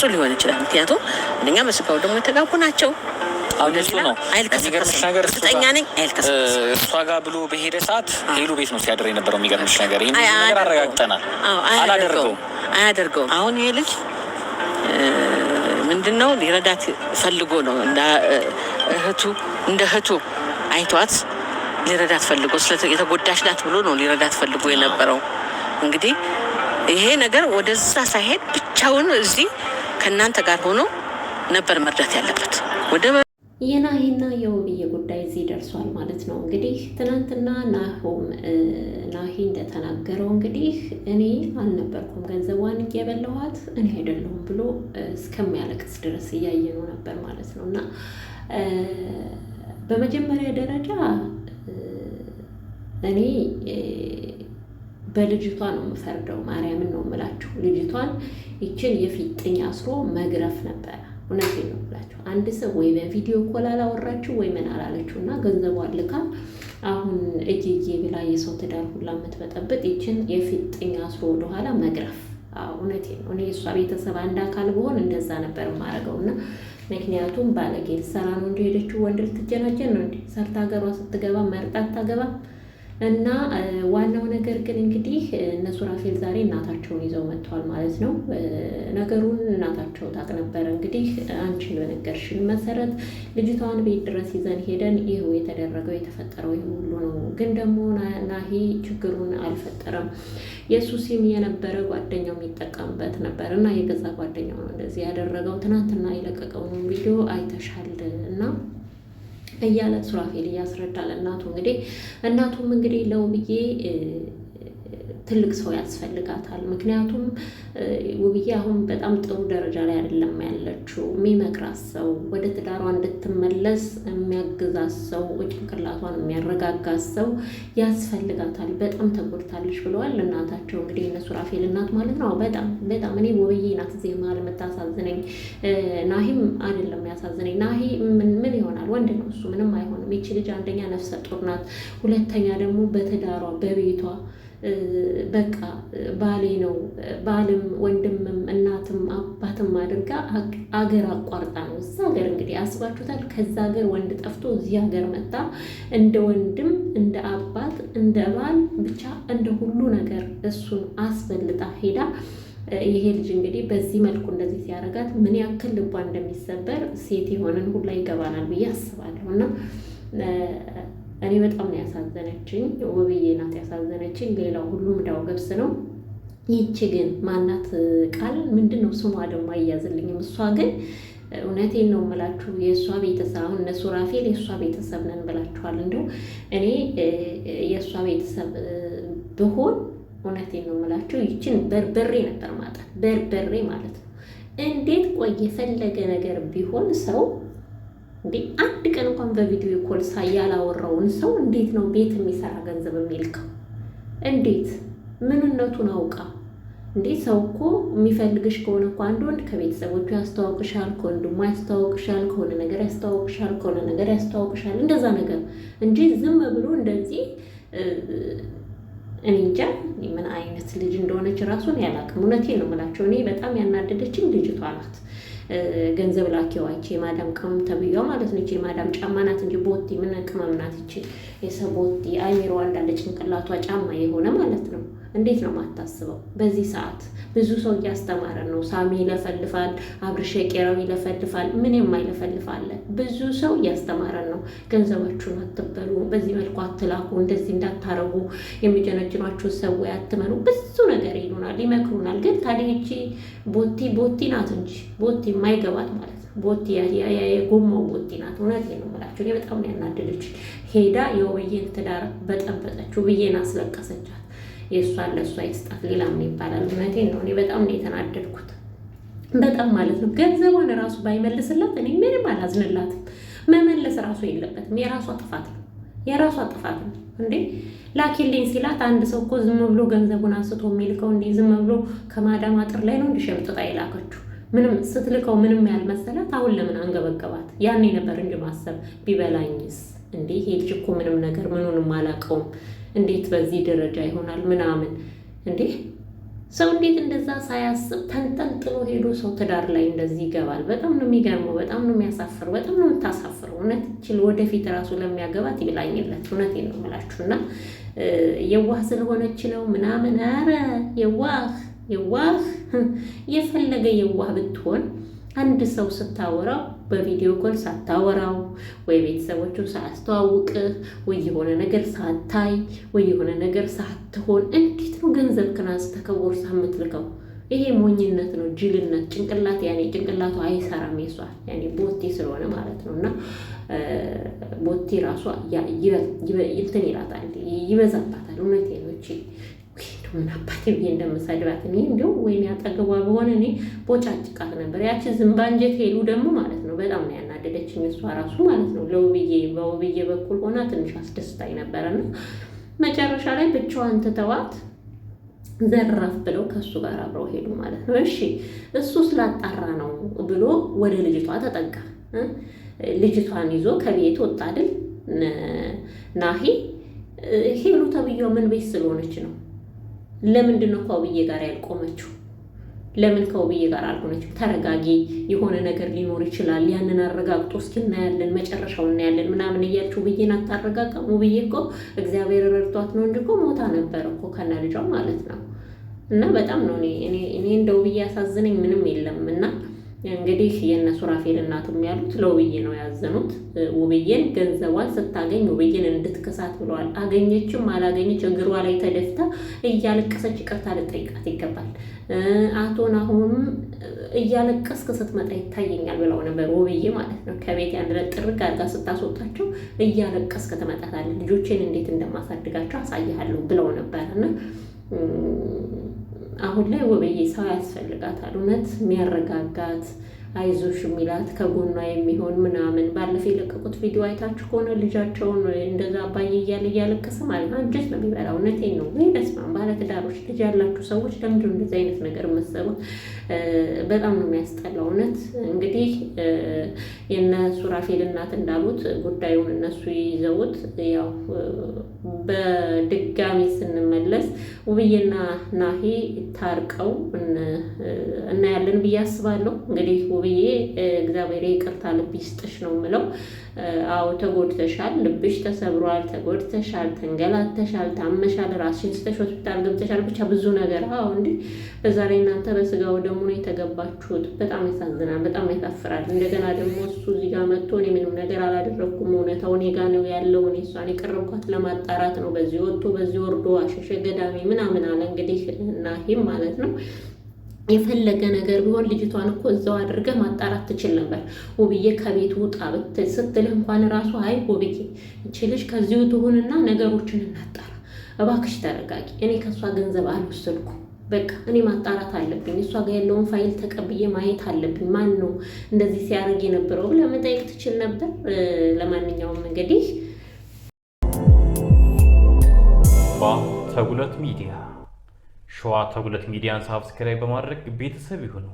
ፍጹም ሊሆን ይችላል። ምክንያቱም እኛ በስጋው ደግሞ የተጋቡ ናቸው። እሱ ነው እሷ ጋር ብሎ በሄደ ሰዓት ሄሉ ቤት ነው ሲያደር የነበረው። የሚገርምሽ ነገር ይህ ነገር አረጋግጠናል። አላደርገውም አሁን ይሄ ልጅ ምንድን ነው ሊረዳት ፈልጎ ነው እህቱ እንደ እህቱ አይቷት ሊረዳት ፈልጎ የተጎዳሽ ናት ብሎ ነው ሊረዳት ፈልጎ የነበረው። እንግዲህ ይሄ ነገር ወደዛ ሳይሄድ ብቻውን እዚህ ከእናንተ ጋር ሆኖ ነበር መርዳት ያለበት ወደ የናሂና የውብዬ ጉዳይ እዚህ ደርሷል ማለት ነው። እንግዲህ ትናንትና ናሆም ናሂ እንደተናገረው እንግዲህ እኔ አልነበርኩም ገንዘቧን የበላኋት እኔ አይደለሁም ብሎ እስከሚያለቅስ ድረስ እያየነው ነበር ማለት ነው። እና በመጀመሪያ ደረጃ እኔ በልጅቷ ነው የምፈርደው። ማርያምን ነው የምላችሁ። ልጅቷን ይችን የፊጥኝ አስሮ መግረፍ ነበረ። እውነቴን ነው የምላችሁ። አንድ ሰው ወይ በቪዲዮ ኮል አላወራችሁ ወይ ምን አላለችሁ እና ገንዘቧን ልካ አሁን እጅዬ ብላ የሰው ትዳር ሁላ የምትበጠብጥ ይችን የፊጥኝ አስሮ ወደኋላ መግረፍ። እውነቴን ነው። እኔ የእሷ ቤተሰብ አንድ አካል ብሆን እንደዛ ነበር የማደርገው እና ምክንያቱም ባለጌ ልትሰራ ነው እንደሄደችው ወንድ ልትጀናጀን ነው እንደ ሰርታ ሀገሯ ስትገባ መርጣት ታገባ እና ዋናው ነገር ግን እንግዲህ እነ ሱራፌል ዛሬ እናታቸውን ይዘው መጥተዋል ማለት ነው። ነገሩን እናታቸው ታቅ ነበረ እንግዲህ አንቺን በነገርሽን መሰረት ልጅቷን ቤት ድረስ ይዘን ሄደን ይህው የተደረገው የተፈጠረው ይህ ሁሉ ነው። ግን ደግሞ ናሂ ችግሩን አልፈጠረም። የእሱ ሲም የነበረ ጓደኛው የሚጠቀምበት ነበር እና የገዛ ጓደኛው ነው እንደዚህ ያደረገው። ትናንትና የለቀቀውን ቪዲዮ አይተሻል እና እያለ ሱራፌል እያስረዳል። እናቱ እንግዲህ እናቱም እንግዲህ ለውብዬ ትልቅ ሰው ያስፈልጋታል። ምክንያቱም ውብዬ አሁን በጣም ጥሩ ደረጃ ላይ አይደለም ያለችው። የሚመክራት ሰው፣ ወደ ትዳሯ እንድትመለስ የሚያግዛት ሰው፣ ጭንቅላቷን የሚያረጋጋት ሰው ያስፈልጋታል። በጣም ተጎድታለች ብለዋል እናታቸው። እንግዲህ እነሱ ራፌል እናት ማለት ነው። በጣም በጣም እኔ ውብዬ ናት እዚህ መሀል የምታሳዝነኝ። ናሂም አይደለም ያሳዝነኝ። ናሂ ምን ይሆናል? ወንድ ነው እሱ፣ ምንም አይሆንም። ይቺ ልጅ አንደኛ ነፍሰ ጡር ናት፣ ሁለተኛ ደግሞ በትዳሯ በቤቷ በቃ ባሌ ነው ባልም ወንድምም እናትም አባትም አድርጋ አገር አቋርጣ ነው እዛ ሀገር እንግዲህ አስባችሁታል። ከዛ ሀገር ወንድ ጠፍቶ እዚህ ሀገር መጣ እንደ ወንድም እንደ አባት እንደ ባል ብቻ እንደ ሁሉ ነገር እሱን አስበልጣ ሄዳ ይሄ ልጅ እንግዲህ በዚህ መልኩ እንደዚህ ሲያደርጋት ምን ያክል ልቧ እንደሚሰበር ሴት የሆነን ሁላ ይገባናል ብዬ አስባለሁ እና እኔ በጣም ነው ያሳዘነችኝ። ውብዬ ናት ያሳዘነችኝ። ሌላው ሁሉም ዳው ገብስ ነው። ይቺ ግን ማናት ቃል ምንድን ነው ስሟ ደግሞ አያዝልኝም። እሷ ግን እውነቴን ነው የምላችሁ የእሷ ቤተሰብ አሁን እነ ሱራፌል የእሷ ቤተሰብ ነን ብላችኋል። እንደው እኔ የእሷ ቤተሰብ ብሆን እውነቴን ነው የምላችሁ ይችን በርበሬ ነበር ማጣት፣ በርበሬ ማለት ነው። እንዴት ቆይ የፈለገ ነገር ቢሆን ሰው እንዴ አንድ ቀን እንኳን በቪዲዮ ኮል ሳይ ያላወራውን ሰው እንዴት ነው ቤት የሚሰራ ገንዘብ የሚልከው? እንዴት ምንነቱን አውቃ እንዴ ሰው እኮ የሚፈልግሽ ከሆነ እኮ አንድ ወንድ ከቤተሰቦቹ ያስተዋውቅሻል፣ ከወንድሙ ያስተዋውቅሻል፣ ከሆነ ነገር ያስተዋውቅሻል፣ ከሆነ ነገር ያስተዋውቅሻል። እንደዛ ነገር እንጂ ዝም ብሎ እንደዚህ እኔ እንጃ ምን አይነት ልጅ እንደሆነች ራሱን ያላቅም። እውነቴን ነው የምላቸው። እኔ በጣም ያናደደችኝ ልጅቷ ናት። ገንዘብ ላኪዋ ይቺ የማዳም ቅመም ተብያ ማለት ነው። ይቺ የማዳም ጫማ ናት እንጂ ቦቲ ምን ቅመም ናት ይቺ? የሰቦቲ አይሚሮ እንዳለ ጭንቅላቷ ጫማ የሆነ ማለት ነው። እንዴት ነው የማታስበው? በዚህ ሰዓት ብዙ ሰው እያስተማረ ነው። ሳሚ ይለፈልፋል፣ አብርሽ ቄራው ይለፈልፋል። ምን የማይለፈልፋለን? ብዙ ሰው እያስተማረን ነው። ገንዘባችሁን አትበሉ፣ በዚህ መልኩ አትላኩ፣ እንደዚህ እንዳታረጉ፣ የሚጀነጅኗችሁን ሰዎች አትመኑ፣ ብዙ ነገር ይሉናል፣ ይመክሩናል። ግን ታዲያ ይቺ ቦቲ ቦቲ ናት እንጂ ቦቲ የማይገባት ማለት ቦቲ የጎማው ቦቲ ናት። እውነት ነው የምላችሁ፣ በጣም ያናደደች ሄዳ የውብዬን ትዳር በጠበጠችው፣ ውብዬን አስለቀሰቻት። የእሷን ለእሷ ይስጣት። ሌላ ምን ይባላል? እውነቴን ነው። እኔ በጣም ነው የተናደድኩት፣ በጣም ማለት ነው። ገንዘቧን ራሱ ባይመልስላት እኔ ምንም አላዝንላትም። መመለስ ራሱ የለበትም። የራሷ ጥፋት ነው፣ የራሷ ጥፋት ነው። እንዴ ላኪልኝ ሲላት አንድ ሰው እኮ ዝም ብሎ ገንዘቡን አንስቶ የሚልከው እንዴ ዝም ብሎ ከማዳም አጥር ላይ ነው እንዲሸምጥጣ የላከችው ምንም ስትልከው ምንም ያልመሰላት አሁን ለምን አንገበገባት? ያኔ ነበር እንጂ ማሰብ ቢበላኝስ እንዴ ይሄ ልጅ እኮ ምንም ነገር ምኑንም አላውቀውም፣ እንዴት በዚህ ደረጃ ይሆናል ምናምን እንዴ ሰው እንዴት እንደዛ ሳያስብ ተንጠልጥሎ ሄዶ ሰው ትዳር ላይ እንደዚህ ይገባል? በጣም ነው የሚገርመው። በጣም ነው የሚያሳፍር። በጣም ነው የምታሳፍረው። እውነት ችል ወደፊት ራሱ ለሚያገባት ይብላኝለት። እውነቴን ነው የምላችሁ። እና የዋህ ስለሆነች ነው ምናምን። ኧረ የዋህ የዋህ የፈለገ የዋህ ብትሆን አንድ ሰው ስታወራው በቪዲዮ ኮል ሳታወራው ወይ ቤተሰቦቹ ሳያስተዋውቅህ ወይ የሆነ ነገር ሳታይ ወይ የሆነ ነገር ሳትሆን እንዴት ነው ገንዘብ ክናንስ ተከቦር ሳምትልከው? ይሄ ሞኝነት ነው፣ ጅልነት ጭንቅላት ያኔ ጭንቅላቱ አይሰራም። የሷ ያኔ ቦቴ ስለሆነ ማለት ነው። እና ቦቴ ራሷ ይበዛባታል፣ እውነቴ ነው። ምን አባት ብዬ እንደምሰድባት እኔ እንዲሁ ወይም ያጠገቧ በሆነ እኔ ቦጫጭቃት ነበር። ያቺ ዝንባንጀት ሄሉ ደግሞ ማለት ነው በጣም ነው ያናደደችኝ። እሷ ራሱ ማለት ነው ለውብዬ በውብዬ በኩል ሆና ትንሽ አስደስታኝ ነበረና መጨረሻ ላይ ብቻዋን ትተዋት ዘራፍ ብለው ከእሱ ጋር አብረው ሄዱ ማለት ነው። እሺ እሱ ስላጣራ ነው ብሎ ወደ ልጅቷ ተጠጋ። ልጅቷን ይዞ ከቤት ወጣ አይደል ናሂ ሄሉ ተብዬው ምን ቤት ስለሆነች ነው ለምንድን ነው ከውብዬ ጋር ያልቆመችው? ለምን ከውብዬ ጋር አልሆነችም? ተረጋጊ፣ የሆነ ነገር ሊኖር ይችላል። ያንን አረጋግጦ እስኪ እናያለን፣ መጨረሻው እናያለን ምናምን እያችሁ ውብዬን አታረጋጋም። ውብዬ እኮ እግዚአብሔር ረድቷት ነው እንጂ እኮ ሞታ ነበር እኮ ከነ ልጇ ማለት ነው። እና በጣም ነው እኔ እኔ እንደው ውብዬ ያሳዝነኝ ምንም የለም እና እንግዲህ የእነሱ ራፌል እናቱም ያሉት ለውብዬ ነው ያዘኑት። ውብዬን ገንዘቧን ስታገኝ ውብዬን እንድትከሳት ብለዋል። አገኘችም አላገኘች እግሯ ላይ ተደፍታ እያለቀሰች ይቅርታ ልጠይቃት ይገባል። አቶ ናሆምም እያለቀስክ ስትመጣ ይታየኛል ብለው ነበር። ውብዬ ማለት ነው ከቤት ያንድ ዕለት ጥርግ አድርጋ ስታስወጣቸው እያለቀስክ ትመጣታለህ፣ ልጆቼን እንዴት እንደማሳድጋቸው አሳይሃለሁ ብለው ነበር እና አሁን ላይ ውብዬ ሰው ያስፈልጋታል። እውነት የሚያረጋጋት አይዞሽ የሚላት ከጎኗ የሚሆን ምናምን። ባለፈው የለቀቁት ቪዲዮ አይታችሁ ከሆነ ልጃቸውን እንደዛ አባዬ እያለ እያለቀሰ ማለት አንጀት ነው የሚበላው። እውነቴን ነው ወይ በስማም። ባለትዳሮች ልጅ ያላችሁ ሰዎች ለምንድነው እንደዚ አይነት ነገር መሰሩት? በጣም ነው የሚያስጠላው። እውነት እንግዲህ የነ ሱራፌል እናት እንዳሉት ጉዳዩን እነሱ ይዘውት ያው በድጋሚ ስንመለስ ውብዬና ናሂ ታርቀው እናያለን ብዬ አስባለሁ። እንግዲህ ውብዬ እግዚአብሔር ይቅርታ ልብ ይስጥሽ ነው የምለው። አዎ ተጎድተሻል፣ ልብሽ ተሰብሯል፣ ተጎድተሻል፣ ተንገላተሻል፣ ታመሻል፣ ራስሽን ስተሽ ሆስፒታል ገብተሻል፣ ብቻ ብዙ ነገር። አዎ እንዲህ በዛ ላይ እናንተ በስጋው ደግሞ ነው የተገባችሁት። በጣም ያሳዝናል፣ በጣም ያሳፍራል። እንደገና ደግሞ እሱ እዚህ ጋር መጥቶ እኔ ምንም ነገር አላደረግኩም፣ እውነታው እኔ ጋ ነው ያለው፣ እኔ እሷን የቀረብኳት ለማጣራት ነው፣ በዚህ ወጥቶ በዚህ ወርዶ አሸሸ ገዳሜ ምን ምናምን አለ እንግዲህ ናሂም ማለት ነው። የፈለገ ነገር ቢሆን ልጅቷን እኮ እዛው አድርገህ ማጣራት ትችል ነበር። ውብዬ ከቤት ውጣ ስትልህ እንኳን ራሱ አይ ውብዬ እችልሽ ከዚሁ ትሁንና ነገሮችን እናጣራ እባክሽ፣ ተረጋጊ። እኔ ከእሷ ገንዘብ አልወሰድኩም። በቃ እኔ ማጣራት አለብኝ። እሷ ጋር ያለውን ፋይል ተቀብዬ ማየት አለብኝ። ማን ነው እንደዚህ ሲያደርግ የነበረው ብለህ መጠየቅ ትችል ነበር። ለማንኛውም እንግዲህ ተጉለት ሚዲያ ሸዋ ተጉለት ሚዲያን ሳብስክራይብ በማድረግ ቤተሰብ ይሁኑ።